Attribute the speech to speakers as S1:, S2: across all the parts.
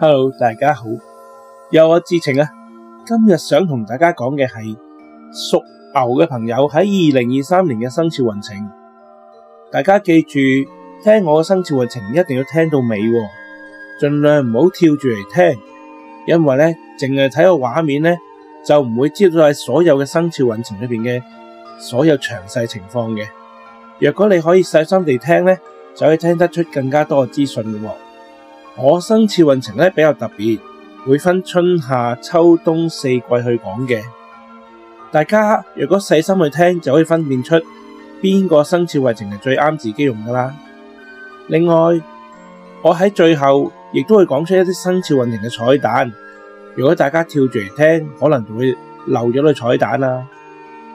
S1: hello，大家好，又我智澄啊！今日想同大家講嘅係屬牛嘅朋友喺二零二三年嘅生肖運程。大家記住，聽我嘅生肖運程一定要聽到尾哦，盡量唔好跳住嚟聽，因為咧淨係睇個畫面咧就唔會知道喺所有嘅生肖運程裏邊嘅所有詳細情況嘅。若果你可以細心地聽咧，就可以聽得出更加多嘅資訊。我生肖運程呢，比較特別，會分春夏秋冬四季去講嘅。大家如果細心去聽，就可以分辨出邊個生肖運程係最啱自己用噶啦。另外，我喺最後亦都會講出一啲生肖運程嘅彩蛋。如果大家跳住嚟聽，可能就會漏咗嗰個彩蛋喇。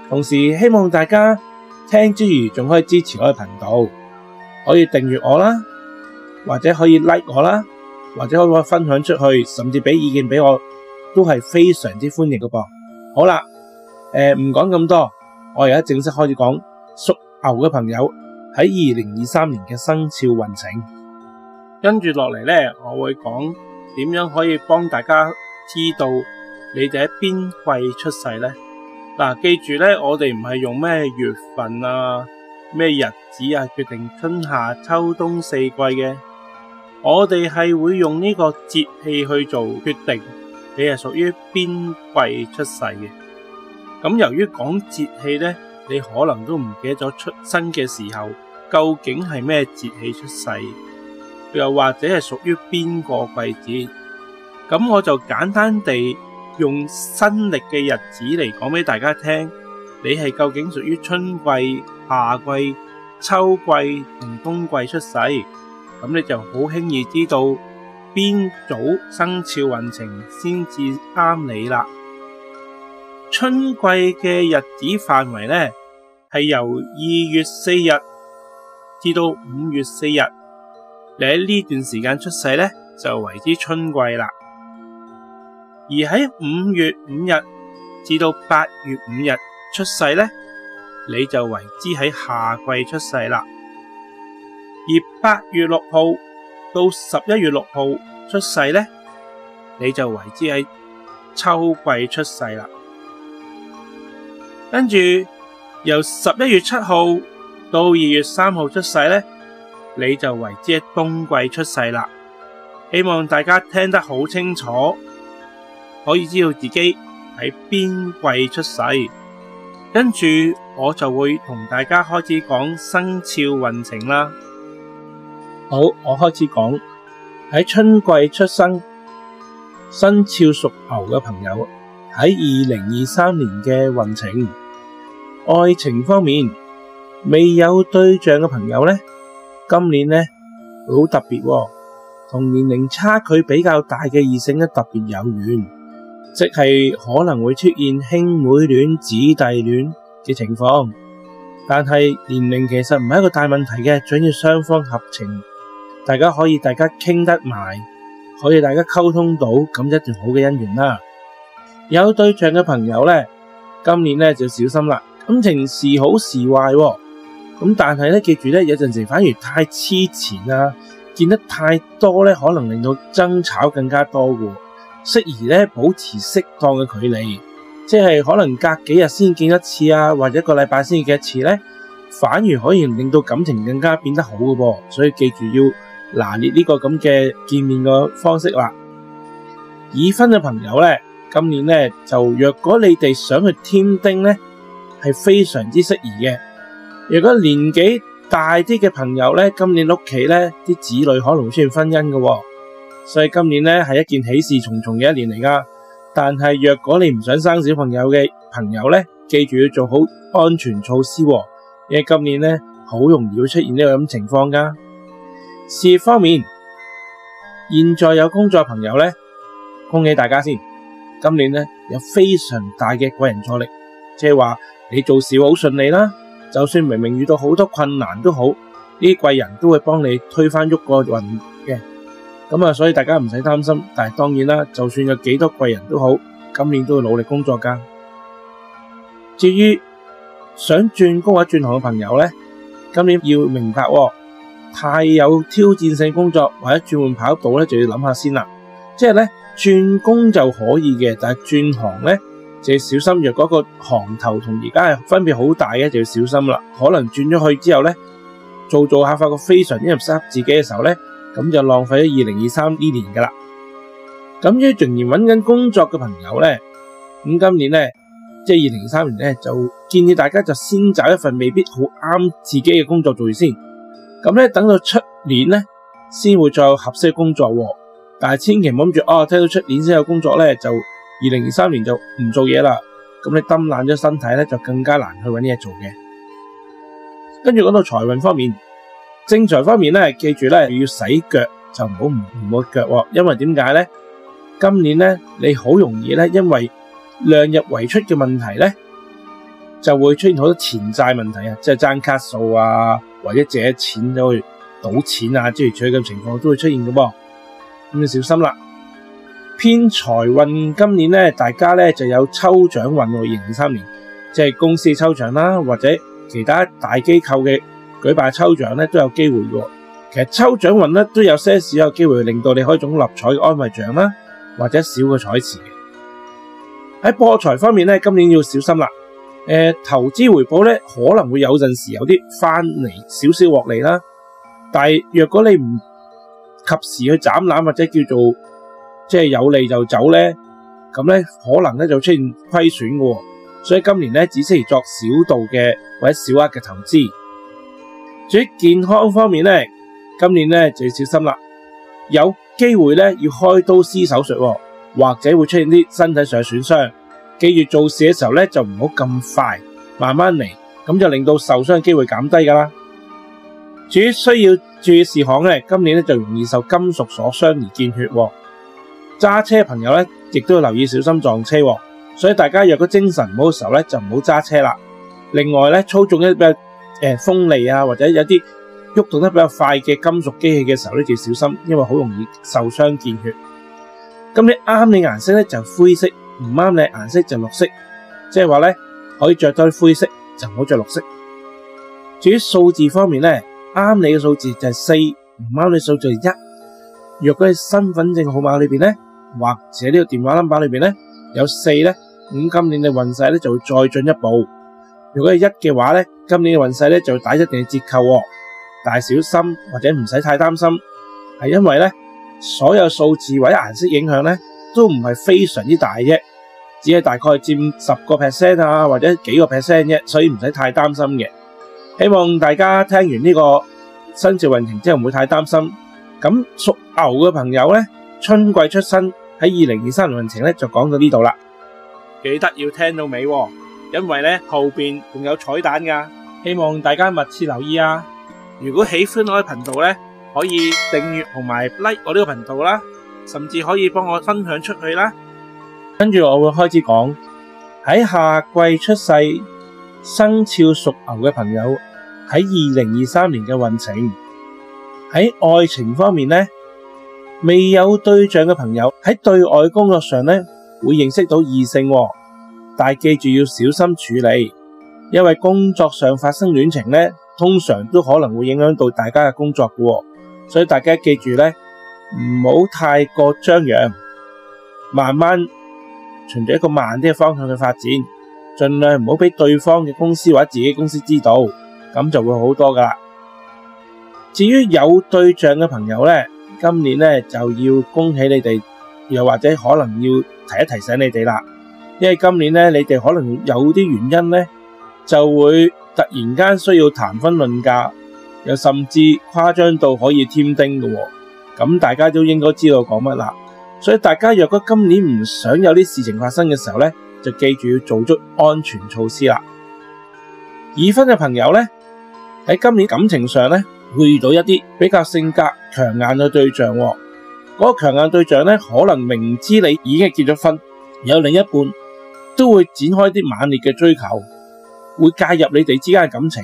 S1: 同時，希望大家聽之餘，仲可以支持我嘅頻道，可以訂閱我啦，或者可以 like 我啦。或者可唔可以分享出去，甚至俾意見俾我，都係非常之歡迎嘅噃。好啦，誒唔講咁多，我而家正式開始講屬牛嘅朋友喺二零二三年嘅生肖運程。跟住落嚟咧，我會講點樣可以幫大家知道你哋喺邊季出世咧。嗱、啊，記住咧，我哋唔係用咩月份啊、咩日子啊決定春夏秋冬四季嘅。我哋係會用呢個節氣去做決定，你係屬於邊季出世嘅。咁由於講節氣咧，你可能都唔記得咗出生嘅時候究竟係咩節氣出世，又或者係屬於邊個季節。咁我就簡單地用新曆嘅日子嚟講俾大家聽，你係究竟屬於春季、夏季、秋季同冬季出世。咁你就好輕易知道邊組生肖運程先至啱你啦。春季嘅日子範圍呢，係由二月四日至到五月四日，你喺呢段時間出世呢，就為之春季啦。而喺五月五日至到八月五日出世呢，你就為之喺夏季出世啦。而八月六號到十一月六號出世咧，你就為之喺秋季出世啦。跟住由十一月七號到二月三號出世咧，你就為之係冬季出世啦。希望大家聽得好清楚，可以知道自己喺邊季出世。跟住我就會同大家開始講生肖運程啦。好，我開始講喺春季出生、生肖屬牛嘅朋友喺二零二三年嘅運程。愛情方面，未有對象嘅朋友咧，今年咧好特別喎，同年齡差距比較大嘅異性咧特別有緣，即係可能會出現兄妹戀、姊弟戀嘅情況。但係年齡其實唔係一個大問題嘅，只要雙方合情。大家可以大家傾得埋，可以大家溝通到咁一段好嘅姻緣啦。有對象嘅朋友咧，今年咧就小心啦，感情時好時壞喎。咁但係咧，記住咧，有陣時反而太痴纏啊，見得太多咧，可能令到爭吵更加多嘅。適宜咧，保持適當嘅距離，即係可能隔幾日先見一次啊，或者一個禮拜先見一次咧，反而可以令到感情更加變得好嘅噃。所以記住要。拿捏呢個咁嘅見面個方式啦，已婚嘅朋友咧，今年咧就若果你哋想去添丁咧，係非常之適宜嘅。如果年紀大啲嘅朋友咧，今年屋企咧啲子女可能會出現婚姻嘅、哦，所以今年咧係一件喜事重重嘅一年嚟㗎。但係若果你唔想生小朋友嘅朋友咧，記住要做好安全措施、哦，因為今年咧好容易會出現呢個咁情況㗎。事業方面，現在有工作嘅朋友呢，恭喜大家先。今年呢，有非常大嘅貴人助力，即係話你做事會好順利啦。就算明明遇到好多困難都好，呢啲貴人都會幫你推翻喐個運嘅。咁啊，所以大家唔使擔心。但係當然啦，就算有幾多貴人都好，今年都會努力工作噶。至於想轉工或者轉行嘅朋友呢，今年要明白哦。太有挑戰性工作或者轉換跑道咧，就要諗下先啦。即係咧，轉工就可以嘅，但係轉行咧，就要小心，若果個行頭同而家係分別好大嘅，就要小心啦。可能轉咗去之後咧，做做下，發覺非常之唔適合自己嘅時候咧，咁就浪費咗二零二三呢年噶啦。咁於仍然搵緊工作嘅朋友咧，咁今年咧，即係二零二三年咧，就建議大家就先找一份未必好啱自己嘅工作做住先。咁咧，等到出年咧，先會再有合適嘅工作喎啊。但係千祈唔好諗住哦，聽到出年先有工作咧，就二零二三年就唔做嘢啦。咁你蹲爛咗身體咧，就更加難去搵嘢做嘅。跟住講到財運方面，正財方面咧，記住咧要洗腳就唔好唔抹腳，因為點解咧？今年咧你好容易咧，因為量入為出嘅問題咧，就會出現好多錢債問題啊，即係爭卡數啊。或者借錢去賭錢啊，之類取咁情況都會出現嘅噃，咁要小心啦。偏財運今年呢，大家呢就有抽獎運喎，二零二三年即係公司抽獎啦，或者其他大機構嘅舉辦抽獎呢都有機會嘅。其實抽獎運呢，都有些少有機會令到你開種立彩嘅安慰獎啦，或者少嘅彩池。喺破財方面呢，今年要小心啦。誒、呃，投資回報咧，可能會有陣時有啲翻嚟，少少獲利啦，但係若果你唔及時去斬纜，或者叫做即係有利就走咧，咁咧可能咧就出現虧損噶，所以今年咧只適宜作小度嘅或者小額嘅投資。至於健康方面咧，今年咧就要小心啦，有機會咧要開刀施手術，或者會出現啲身體上嘅損傷。記住做事嘅時候咧，就唔好咁快，慢慢嚟，咁就令到受傷嘅機會減低噶啦。至於需要注意事項咧，今年咧就容易受金屬所傷而見血。揸車嘅朋友咧，亦都要留意小心撞車，所以大家若果精神唔好嘅時候咧，就唔好揸車啦。另外咧，操縱一啲比較誒鋒利啊，或者有啲喐動得比較快嘅金屬機器嘅時候咧，就要小心，因為好容易受傷見血。咁你啱你顏色咧就灰色。唔啱你顏色就綠色，即係話咧，可以着到灰色就唔好着綠色。至於數字方面咧，啱你嘅數字就係四，唔啱你數字就係一。若果身份證號碼裏邊咧，或者呢個電話 number 裏邊咧有四咧，咁今年嘅運勢咧就會再進一步。如果係一嘅話咧，今年嘅運勢咧就會打一定嘅折扣，但係小心或者唔使太擔心，係因為咧所有數字或者顏色影響咧。都唔係非常之大啫，只係大概佔十個 percent 啊，或者幾個 percent 啫、啊，所以唔使太擔心嘅。希望大家聽完呢個生肖運程之後唔會太擔心。咁屬牛嘅朋友咧，春季出生喺二零二三年運程咧就講到呢度啦。記得要聽到尾，因為咧後邊仲有彩蛋噶，希望大家密切留意啊。如果喜歡我嘅頻道咧，可以訂閱同埋 like 我呢個頻道啦。甚至可以幫我分享出去啦。跟住我會開始講喺夏季出世、生肖屬牛嘅朋友喺二零二三年嘅運程。喺愛情方面呢，未有對象嘅朋友喺對外工作上呢，會認識到異性。但係記住要小心處理，因為工作上發生戀情呢，通常都可能會影響到大家嘅工作嘅。所以大家記住呢。唔好太過張揚，慢慢循着一個慢啲嘅方向去發展，盡量唔好俾對方嘅公司或者自己公司知道，咁就會好多噶啦。至於有對象嘅朋友呢，今年呢就要恭喜你哋，又或者可能要提一提醒你哋啦，因為今年呢，你哋可能有啲原因呢，就會突然間需要談婚論嫁，又甚至誇張到可以添丁嘅喎。咁大家都應該知道講乜啦，所以大家若果今年唔想有啲事情發生嘅時候咧，就記住要做足安全措施啦。已婚嘅朋友咧，喺今年感情上咧會遇到一啲比較性格強硬嘅對象，嗰個強硬對象咧可能明知你已經結咗婚，有另一半都會展開啲猛烈嘅追求，會介入你哋之間嘅感情，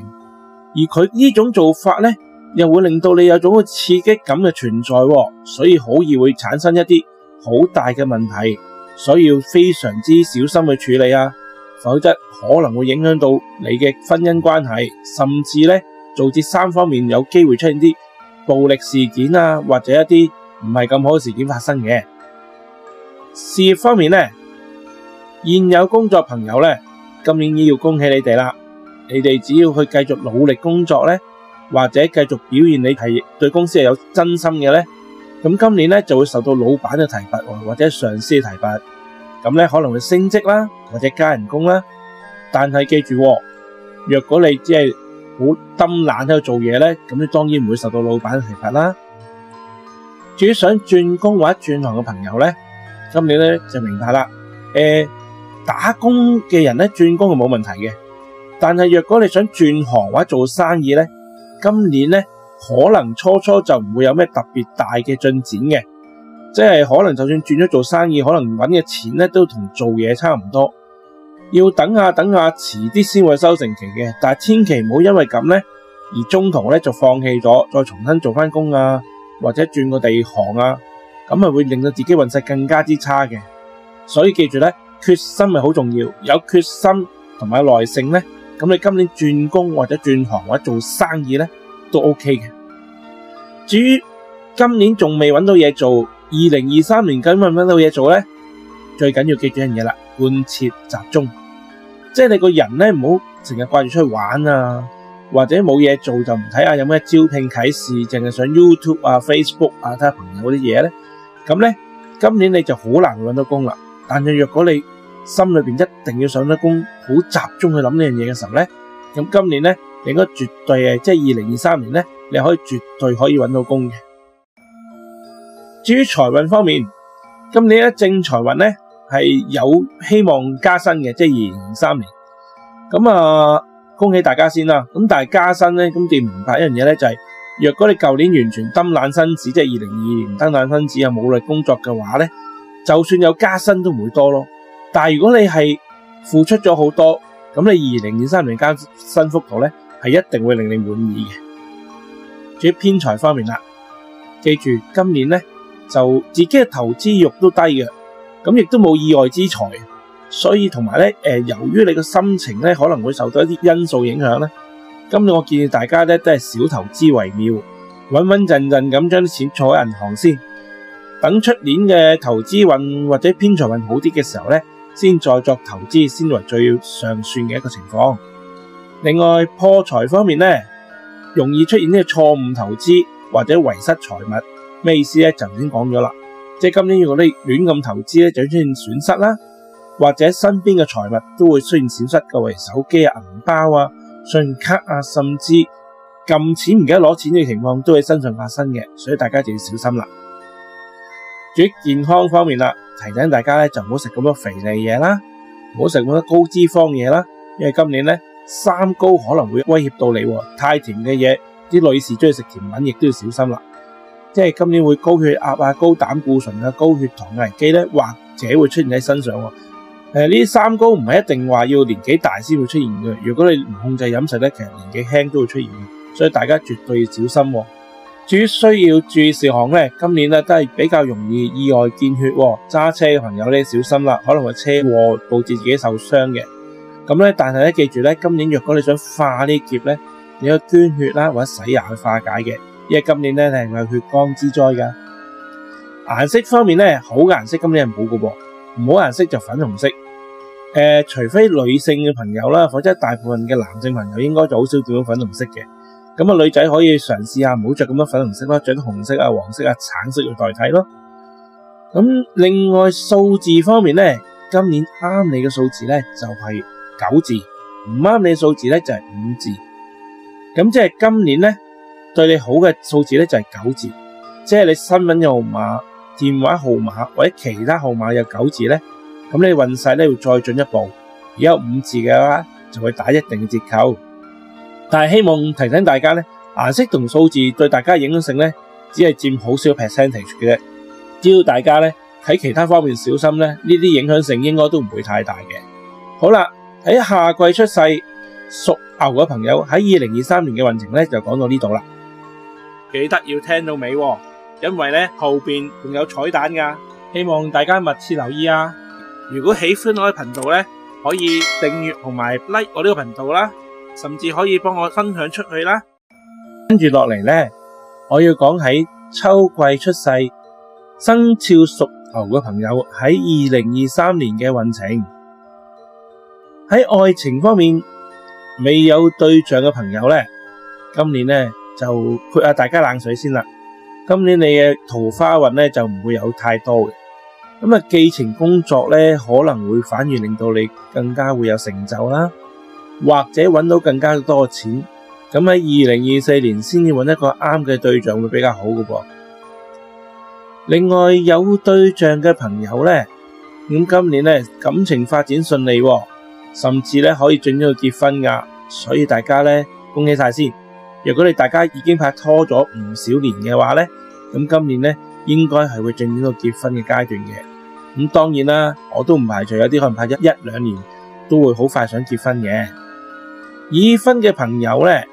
S1: 而佢呢種做法咧。又會令到你有種刺激感嘅存在，所以好易會產生一啲好大嘅問題，所以要非常之小心去處理啊，否則可能會影響到你嘅婚姻關係，甚至咧導致三方面有機會出現啲暴力事件啊，或者一啲唔係咁好嘅事件發生嘅。事業方面咧，現有工作朋友咧，今年已經要恭喜你哋啦，你哋只要去繼續努力工作咧，或者繼續表現你係對公司係有真心嘅咧，咁今年咧就會受到老闆嘅提拔，或者上司嘅提拔。咁咧可能會升職啦，或者加人工啦。但係記住，若、哦、果你只係好抌懶喺度做嘢咧，咁你當然唔會受到老闆嘅提拔啦。至於想轉工或者轉行嘅朋友咧，今年咧就明白啦。誒、呃，打工嘅人咧轉工係冇問題嘅，但係若果你想轉行或者做生意咧。今年咧，可能初初就唔會有咩特別大嘅進展嘅，即係可能就算轉咗做生意，可能搵嘅錢咧都同做嘢差唔多，要等下等下，遲啲先會收成期嘅。但係千祈唔好因為咁咧，而中途咧就放棄咗，再重新做翻工啊，或者轉個地行啊，咁啊會令到自己運勢更加之差嘅。所以記住咧，決心係好重要，有決心同埋耐性咧。咁你今年轉工或者轉行或者做生意咧都 OK 嘅。至於今年仲未搵到嘢做，二零二三年搵唔搵到嘢做咧？最緊要記住一樣嘢啦，貫徹集中，即係你個人咧唔好成日掛住出去玩啊，或者冇嘢做就唔睇下有咩招聘啟事，淨係上 YouTube 啊、Facebook 啊睇下朋友啲嘢咧。咁咧今年你就好難搵到工啦。但係若果你心裏邊一定要上得工，好集中去諗呢樣嘢嘅時候咧，咁今年咧，你應該絕對係即係二零二三年咧，你可以絕對可以搵到工嘅。至於財運方面，今年咧正財運咧係有希望加薪嘅，即係二零二三年。咁啊，恭喜大家先啦。咁但係加薪咧，咁要明白一樣嘢咧，就係若果你舊年完全蹲冷身子，即係二零二二年蹲冷身子又冇力工作嘅話咧，就算有加薪都唔會多咯。但如果你係付出咗好多，咁你二零二三年加薪幅度呢，係一定會令你滿意嘅。至於偏財方面啦，記住今年呢，就自己嘅投資慾都低嘅，咁亦都冇意外之財，所以同埋呢，誒，由於你嘅心情咧可能會受到一啲因素影響咧，今年我建議大家呢都係少投資為妙，穩穩陣陣咁將啲錢儲喺銀行先，等出年嘅投資運或者偏財運好啲嘅時候呢，先再作投資，先為最要上算嘅一個情況。另外破財方面咧，容易出現呢個錯誤投資或者遺失財物，咩意思咧？就已經講咗啦，即係今年如果你亂咁投資咧，就出現損失啦，或者身邊嘅財物都會出現損失嘅，例如手機啊、銀包啊、信用卡啊，甚至撳錢唔記得攞錢嘅情況都喺身上發生嘅，所以大家就要小心啦。至於健康方面啦。提醒大家咧，就唔好食咁多肥膩嘢啦，唔好食咁多高脂肪嘢啦，因為今年咧三高可能會威脅到你喎，太甜嘅嘢，啲女士中意食甜品，亦都要小心啦。即係今年會高血壓啊、高膽固醇啊、高血糖危機咧，或者會出現喺身上。誒、呃，呢三高唔係一定話要年紀大先會出現嘅，如果你唔控制飲食咧，其實年紀輕都會出現嘅，所以大家絕對要小心喎。主要需要注意事項咧，今年咧都係比較容易意外見血、哦，揸車嘅朋友咧小心啦，可能會車禍導致自己受傷嘅。咁咧，但係咧記住咧，今年若果你想化劫呢劫咧，你要捐血啦、啊、或者洗牙去化解嘅，因為今年咧係有血光之災噶。顏色方面咧，好嘅顏色今年係冇噶，唔好顏色就粉紅色。誒、呃，除非女性嘅朋友啦，或者大部分嘅男性朋友應該就好少見到粉紅色嘅。咁啊，女仔可以嘗試下唔好着咁多粉紅色咯，着啲紅色啊、黃色啊、橙色去代替咯。咁另外數字方面咧，今年啱你嘅數字咧就係九字，唔啱你嘅數字咧就係五字。咁即係今年咧對你好嘅數字咧就係九字，即係你新聞嘅號碼、電話號碼或者其他號碼有九字咧，咁你運勢咧會再進一步。如果有五字嘅話，就會打一定嘅折扣。但係希望提醒大家咧，顏色同數字對大家的影響性只係佔好少 percentage 嘅啫。只要大家咧喺其他方面小心咧，呢啲影響性應該都唔會太大嘅。好啦，喺夏季出世屬牛嘅朋友喺二零二三年嘅運程咧就講到呢度啦。記得要聽到尾，因為咧後面仲有彩蛋噶、啊。希望大家密切留意啊！如果喜歡我嘅頻道呢，可以訂閱同埋 like 我呢個頻道啦。甚至可以幫我分享出去啦。跟住落嚟呢，我要講起秋季出世、生肖屬牛嘅朋友喺二零二三年嘅運程。喺愛情方面，未有對象嘅朋友呢，今年呢就潑下大家冷水先啦。今年你嘅桃花運呢，就唔會有太多嘅。咁啊，寄情工作呢，可能會反而令到你更加會有成就啦。或者揾到更加多錢，咁喺二零二四年先要揾一個啱嘅對象會比較好嘅噃。另外有對象嘅朋友呢，咁今年呢感情發展順利，哦，甚至呢可以進展到結婚噶，啊，所以大家呢，恭喜晒先。如果你大家已經拍拖咗唔少年嘅話呢，咁今年呢應該係會進展到結婚嘅階段嘅。咁當然啦，我都唔排除有啲可能拍一一兩年都會好快想結婚嘅。已婚嘅朋友咧，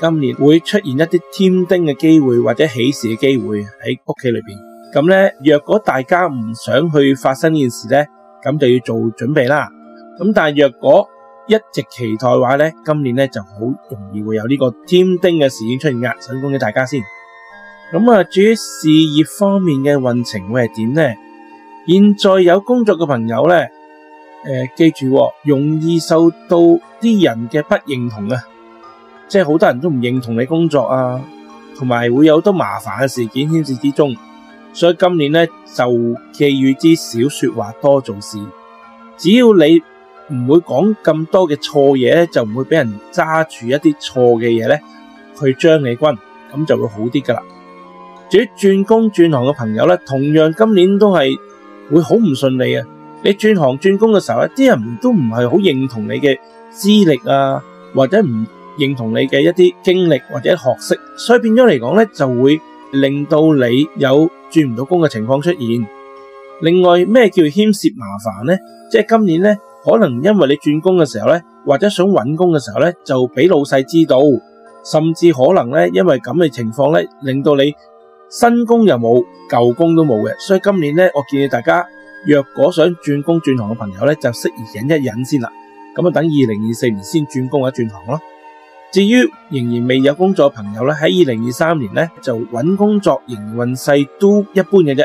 S1: 今年會出現一啲添丁嘅機會或者喜事嘅機會喺屋企裏邊。咁咧，若果大家唔想去發生呢件事咧，咁就要做準備啦。咁但係若果一直期待的話咧，今年咧就好容易會有呢個添丁嘅事件出現。想恭喜大家先。咁、嗯、啊，至於事業方面嘅運程會係點咧？現在有工作嘅朋友咧。誒、呃，記住，容易受到啲人嘅不認同啊，即係好多人都唔認同你工作啊，同埋會有好多麻煩嘅事件牽涉之中，所以今年咧就寄予之少說話多做事，只要你唔會講咁多嘅錯嘢咧，就唔會俾人揸住一啲錯嘅嘢咧去將你軍，咁就會好啲噶啦。至於轉工轉行嘅朋友咧，同樣今年都係會好唔順利啊。你轉行轉工嘅時候，一啲人都唔係好認同你嘅資歷啊，或者唔認同你嘅一啲經歷或者學識，所以變咗嚟講咧，就會令到你有轉唔到工嘅情況出現。另外咩叫牽涉麻煩咧？即係今年咧，可能因為你轉工嘅時候咧，或者想搵工嘅時候咧，就俾老細知道，甚至可能咧，因為咁嘅情況咧，令到你新工又冇，舊工都冇嘅。所以今年咧，我建議大家。若果想轉工轉行嘅朋友咧，就適宜忍一忍先啦。咁啊，等二零二四年先轉工或者轉行咯。至於仍然未有工作嘅朋友咧，喺二零二三年咧就搵工作，營運勢都一般嘅啫。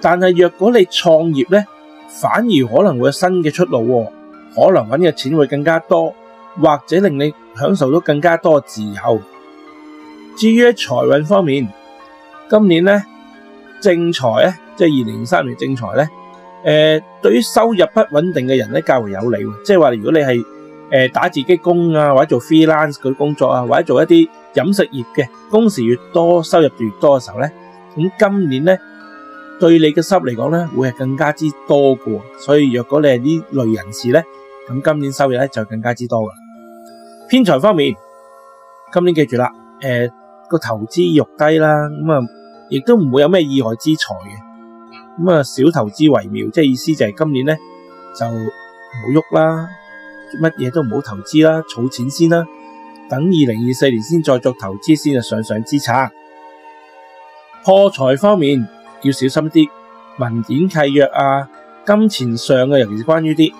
S1: 但係若果你創業咧，反而可能會有新嘅出路喎，可能搵嘅錢會更加多，或者令你享受到更加多自由。至於喺財運方面，今年咧正財咧，即係二零二三年正財咧。誒，對於收入不穩定嘅人咧較為有利，即係話，如果你係誒打自己工啊，或者做 freelance 嗰啲工作啊，或者做一啲飲食業嘅，工時越多收入就越多嘅時候咧，咁今年咧對你嘅收入嚟講咧會係更加之多嘅，所以若果你係呢類人士咧，咁今年收入咧就更加之多嘅。偏財方面，今年記住啦，誒，個投資慾低啦，咁啊亦都唔會有咩意外之財嘅。咁啊，少投資為妙，即係意思就係今年咧就唔好喐啦，乜嘢都唔好投資啦，儲錢先啦，等二零二四年先再作投資先係上上之策。破財方面要小心啲，文件契約啊，金錢上嘅、啊，尤其是關於啲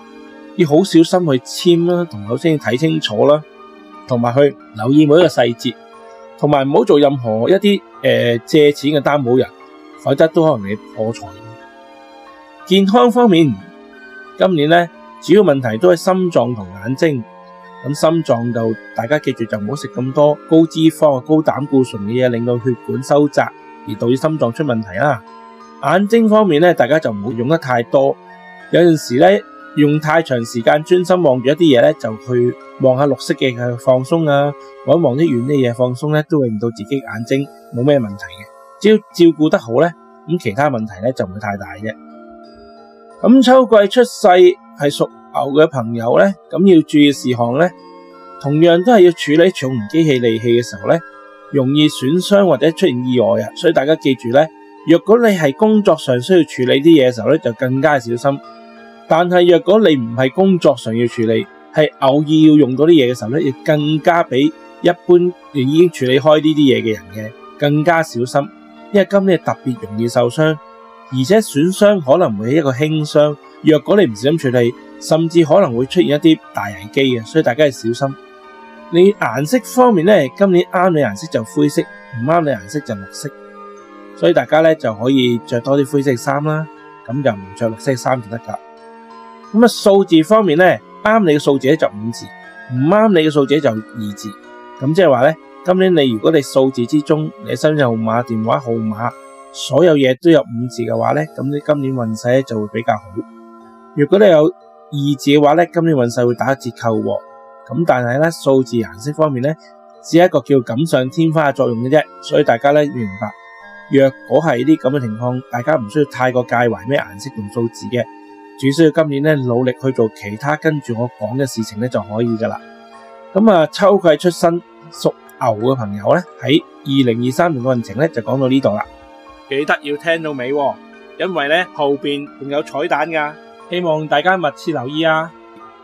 S1: 要好小心去簽啦、啊，同首先睇清楚啦、啊，同埋去留意每一個細節，同埋唔好做任何一啲誒、呃、借錢嘅擔保人，否則都可能你破財。健康方面，今年咧主要問題都係心臟同眼睛。咁、嗯、心臟就大家記住就唔好食咁多高脂肪、高膽固醇嘅嘢，令到血管收窄，而導致心臟出問題啦。眼睛方面咧，大家就唔好用得太多。有陣時咧用太長時間專心望住一啲嘢咧，就去望下綠色嘅嘢放鬆啊，望一望啲遠啲嘢放鬆咧，都令到自己眼睛冇咩問題嘅。只要照顧得好咧，咁其他問題咧就唔會太大嘅。咁秋季出世係屬牛嘅朋友呢，咁要注意事項呢，同樣都係要處理重型機器利器嘅時候呢，容易損傷或者出現意外啊！所以大家記住呢，若果你係工作上需要處理啲嘢嘅時候呢，就更加小心。但係若果你唔係工作上要處理，係偶爾要用到啲嘢嘅時候呢，要更加比一般已經處理開呢啲嘢嘅人嘅更加小心，因為今日特別容易受傷。而且損傷可能會一個輕傷，若果你唔小心處理，甚至可能會出現一啲大危機嘅，所以大家要小心。你顏色方面咧，今年啱你顏色就灰色，唔啱你顏色就綠色，所以大家咧就可以着多啲灰色衫啦，咁就唔着綠色衫就得㗎。咁啊，數字方面呢，啱你嘅數字就五字，唔啱你嘅數字就二字。咁即係話咧，今年你如果你數字之中，你身份證號碼、電話號碼。所有嘢都有五字嘅話咧，咁呢今年運勢就會比較好。如果你有二字嘅話咧，今年運勢會打折扣。咁但係咧數字顏色方面咧只係一個叫錦上添花嘅作用嘅啫，所以大家咧要明白。若果係呢啲咁嘅情況，大家唔需要太過介懷咩顏色同數字嘅，只需要今年咧努力去做其他跟住我講嘅事情咧就可以噶啦。咁啊，秋季出生屬牛嘅朋友咧喺二零二三年嘅運程咧就講到呢度啦。記得要聽到尾喎，因為咧後邊仲有彩蛋噶，希望大家密切留意啊！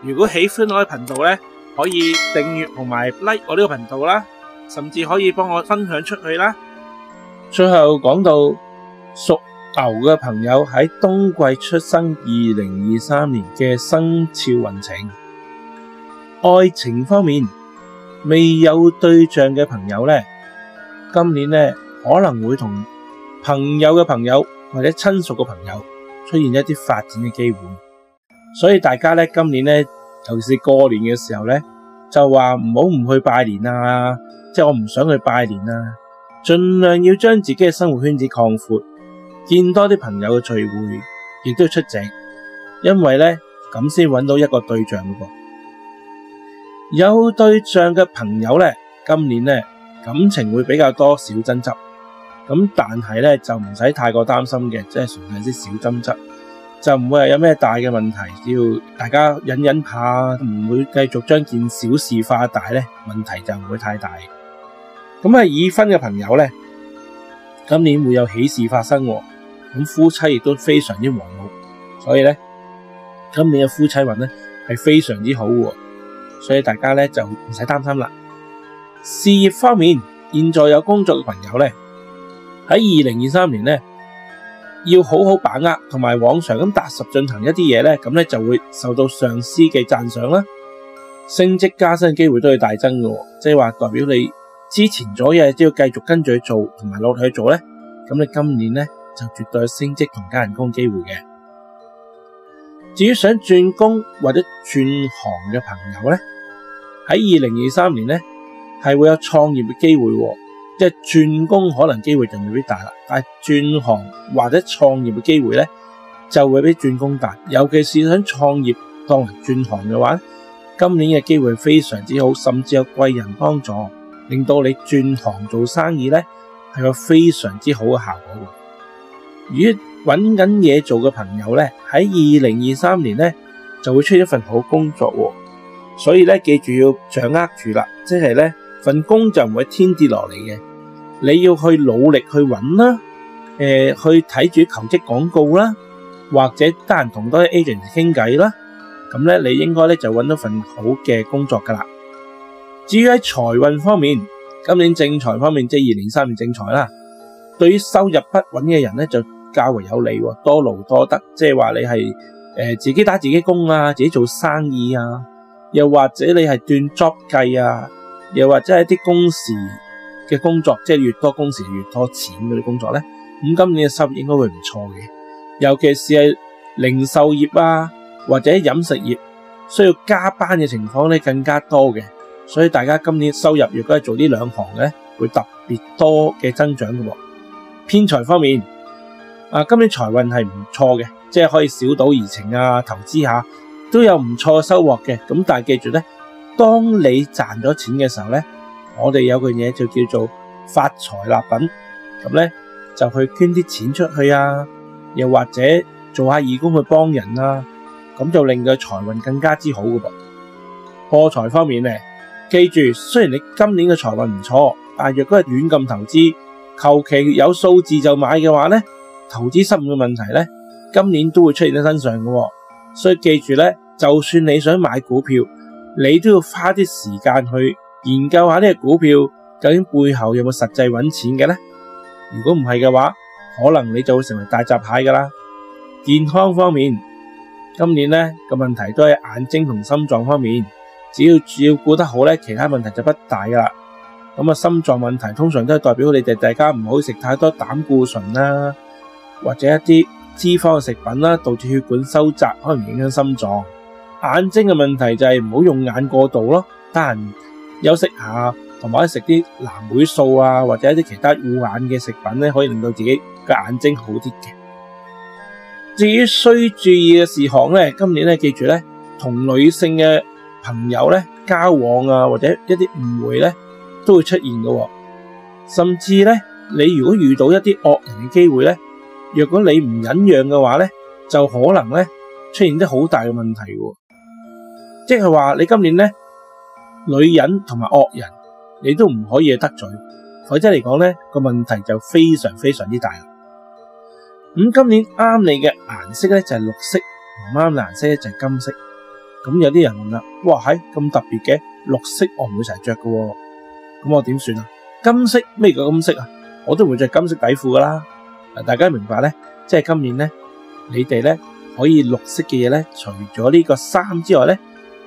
S1: 如果喜歡我嘅頻道咧，可以訂閱同埋 like 我呢個頻道啦，甚至可以幫我分享出去啦。最後講到屬牛嘅朋友喺冬季出生，二零二三年嘅生肖運程，愛情方面未有對象嘅朋友咧，今年咧可能會同。朋友嘅朋友或者親屬嘅朋友出現一啲發展嘅機會，所以大家咧今年咧，尤其是過年嘅時候咧，就話唔好唔去拜年啊，即係我唔想去拜年啊，盡量要將自己嘅生活圈子擴闊，見多啲朋友嘅聚會，亦都要出席，因為咧咁先搵到一個對象嘅。有對象嘅朋友咧，今年咧感情會比較多少爭執。但係呢，就唔使太過擔心嘅，即係純粹啲小爭執就唔會係有咩大嘅問題。只要大家忍忍怕，唔會繼續將件小事化大，呢問題就唔會太大。咁係已婚嘅朋友呢，今年會有喜事發生，咁夫妻亦都非常之和睦，所以呢，今年嘅夫妻運呢係非常之好嘅，所以大家呢就唔使擔心啦。事業方面，現在有工作嘅朋友呢，喺二零二三年咧，要好好把握同埋往常咁踏實進行一啲嘢咧，咁咧就會受到上司嘅讚賞啦，升職加薪嘅機會都會大增嘅，即係話代表你之前咗嘢，都要繼續跟住去做同埋努力去做咧，咁你今年咧就絕對有升職同加人工機會嘅。至於想轉工或者轉行嘅朋友咧，喺二零二三年咧係會有創業嘅機會。即係轉工可能機會就會比較大啦，但係轉行或者創業嘅機會咧就會比轉工大，尤其是想創業當嚟轉行嘅話，今年嘅機會非常之好，甚至有貴人幫助，令到你轉行做生意咧係有非常之好嘅效果嘅。而揾緊嘢做嘅朋友咧喺二零二三年咧就會出一份好工作喎，所以咧記住要掌握住啦，即係咧。份工就唔會天跌落嚟嘅，你要去努力去揾啦，誒、呃，去睇住求職廣告啦，或者得閒同多啲 agent 傾偈啦，咁咧你應該咧就揾到份好嘅工作噶啦。至於喺財運方面，今年正財方面即係二零二三年正財啦，對於收入不穩嘅人咧就較為有利，多勞多得，即係話你係誒、呃、自己打自己工啊，自己做生意啊，又或者你係斷 job 計啊。又或者係一啲工時嘅工作，即係越多工時越多錢嗰啲工作呢。咁今年嘅收入應該會唔錯嘅，尤其是零售業啊，或者飲食業需要加班嘅情況呢，更加多嘅。所以大家今年收入如果係做呢兩行呢，會特別多嘅增長嘅。偏財方面啊，今年財運係唔錯嘅，即係可以小賭怡情啊，投資下都有唔錯嘅收穫嘅。咁但係記住呢。當你賺咗錢嘅時候咧，我哋有句嘢就叫做發財立品，咁咧就去捐啲錢出去啊，又或者做下義工去幫人啦、啊，咁就令佢財運更加之好嘅噃。破財方面咧，記住雖然你今年嘅財運唔錯，但若果係亂咁投資，求其有數字就買嘅話咧，投資失誤嘅問題咧，今年都會出現喺身上嘅、哦。所以記住咧，就算你想買股票。你都要花啲時間去研究下呢個股票究竟背後有冇實際揾錢嘅咧？如果唔係嘅話，可能你就會成為大閘蟹噶啦。健康方面，今年咧個問題都係眼睛同心臟方面，只要照顧得好咧，其他問題就不大噶啦。咁啊，心臟問題通常都係代表你哋大家唔好食太多膽固醇啦，或者一啲脂肪嘅食品啦，導致血管收窄，可能影響心臟。眼睛嘅問題就係唔好用眼過度咯，得閒休息下，同埋食啲藍莓素啊，或者一啲其他護眼嘅食品咧，可以令到自己個眼睛好啲嘅。至於需注意嘅事項咧，今年咧記住咧，同女性嘅朋友咧交往啊，或者一啲誤會咧都會出現嘅，甚至咧你如果遇到一啲惡人嘅機會咧，若果你唔忍讓嘅話咧，就可能咧出現啲好大嘅問題喎。即係話你今年咧，女人同埋惡人，你都唔可以得罪。否則嚟講咧個問題就非常非常之大。咁今年啱你嘅顏色咧就係綠色，唔啱顏色咧就係金色。咁有啲人問啦，哇係咁特別嘅綠色我唔會成日着噶，咁我點算啊？金色？咩叫金色啊？我都會着金色底褲噶啦。大家明白咧，即係今年咧，你哋咧可以綠色嘅嘢，咧除咗呢個衫之外咧。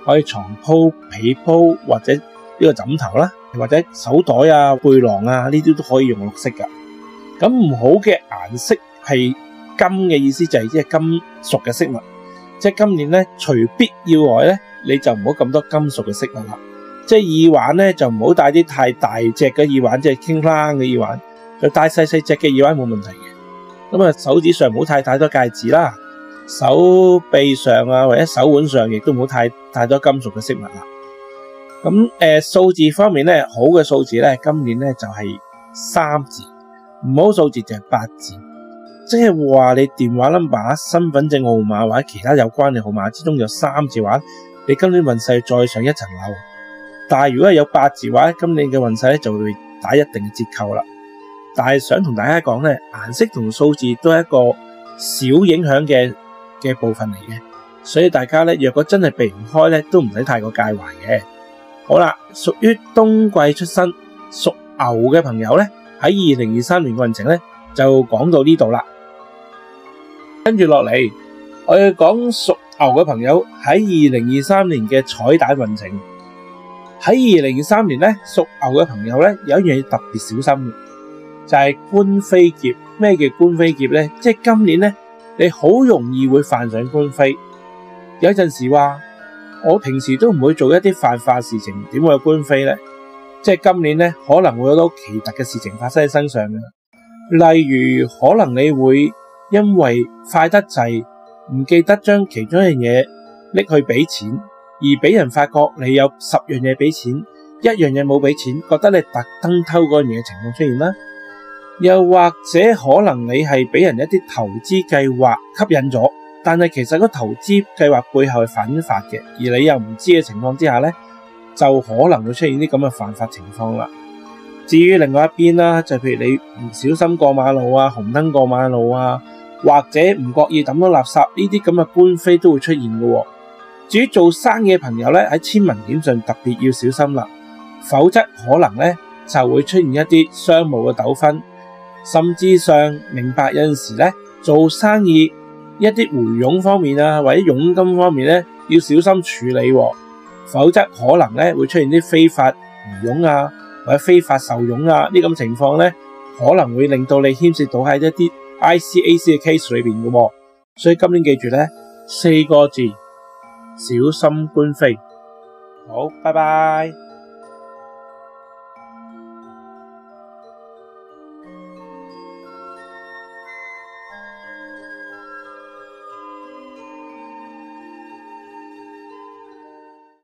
S1: 可以床鋪、被鋪或者呢個枕頭啦，或者手袋啊、背囊啊，呢啲都可以用綠色噶。咁唔好嘅顏色係金嘅意思就係即係金屬嘅飾物。即係今年咧，除必要外咧，你就唔好咁多金屬嘅飾物啦。即係耳環咧，就唔好戴啲太大隻嘅耳環，即係 king size 嘅耳環，就戴細細隻嘅耳環冇問題嘅。咁啊，手指上唔好戴太多戒指啦。手臂上啊，或者手腕上，亦都唔好太太多金屬嘅飾物啦。咁誒，數字方面咧，好嘅數字咧，今年咧就係三字，唔好數字就係八字，即係話你電話 number、身份證號碼或者其他有關嘅號碼之中有三字話，你今年運勢再上一層樓。但係如果係有八字話，今年嘅運勢咧就會打一定嘅折扣啦。但係想同大家講咧，顏色同數字都係一個小影響嘅嘅部分嚟嘅，所以大家咧，若果真係避唔開咧，都唔使太過介懷嘅。好啦，屬於冬季出生屬牛嘅朋友咧，喺二零二三年運程咧就講到呢度啦。跟住落嚟，我要講屬牛嘅朋友喺二零二三年嘅彩蛋運程。喺二零二三年咧，屬牛嘅朋友咧有一樣嘢要特別小心嘅，就係官非劫。咩叫官非劫咧？即係今年咧。你好容易會犯上官非，有陣時話我平時都唔會做一啲犯法事情，點會有官非呢？即係今年呢，可能會有好多奇特嘅事情發生喺身上嘅，例如可能你會因為快得滯，唔記得將其中一樣嘢拎去俾錢，而俾人發覺你有十樣嘢俾錢，一樣嘢冇俾錢，覺得你特登偷嗰樣嘢嘅情況出現啦。又或者可能你係俾人一啲投資計劃吸引咗，但係其實個投資計劃背後係犯法嘅，而你又唔知嘅情況之下咧，就可能會出現啲咁嘅犯法情況啦。至於另外一邊啦，就譬如你唔小心過馬路啊，紅燈過馬路啊，或者唔覺意抌咗垃圾呢啲咁嘅官非都會出現噶喎。至於做生意嘅朋友咧，喺簽文件上特別要小心啦，否則可能咧就會出現一啲商務嘅糾紛。甚至上明白有陣時呢，做生意一啲回佣方面啊，或者佣金方面咧，要小心處理喎，否則可能咧會出現啲非法回佣啊，或者非法受佣啊呢種情況呢，可能會令到你牽涉到喺一啲 ICAC 嘅 case 裏邊嘅㗎。所以今年記住呢，四個字，小心官非。好，拜拜。